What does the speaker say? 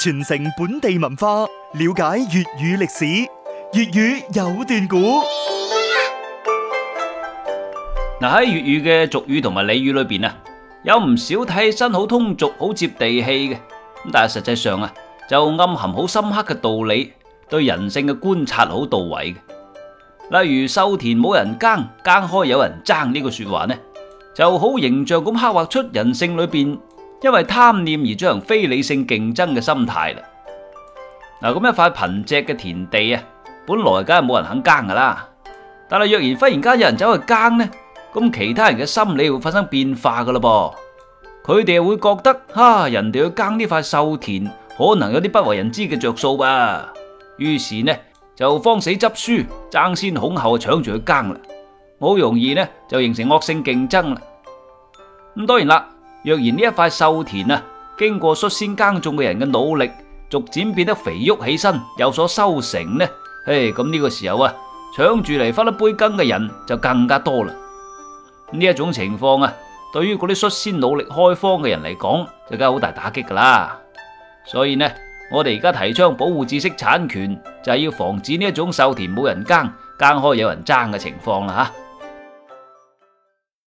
傳承本地文化，了解粵語歷史。粵語有段古，嗱喺粵語嘅俗語同埋俚語裏邊啊，有唔少睇起身好通俗、好接地氣嘅，咁但係實際上啊，就暗含好深刻嘅道理，對人性嘅觀察好到位嘅。例如“瘦田冇人耕，耕開有人爭”呢個說話呢，就好形象咁刻畫出人性裏邊。因為貪念而進行非理性競爭嘅心態嗱，咁一塊貧瘠嘅田地啊，本來梗係冇人肯耕噶啦。但係若然忽然間有人走去耕呢，咁其他人嘅心理會發生變化噶啦噃。佢哋會覺得哈、啊，人哋去耕呢塊瘦田，可能有啲不為人知嘅着數吧。於是呢，就慌死執輸，爭先恐後啊搶住去耕啦。好容易呢就形成惡性競爭啦。咁當然啦。若然呢一塊瘦田啊，經過率先耕種嘅人嘅努力，逐漸變得肥沃起身，有所收成呢，嘿咁呢、這個時候啊，搶住嚟分一杯羹嘅人就更加多啦。呢一種情況啊，對於嗰啲率先努力開荒嘅人嚟講，就梗係好大打擊噶啦。所以呢，我哋而家提倡保護知識產權，就係、是、要防止呢一種瘦田冇人耕，耕開有人爭嘅情況啦吓。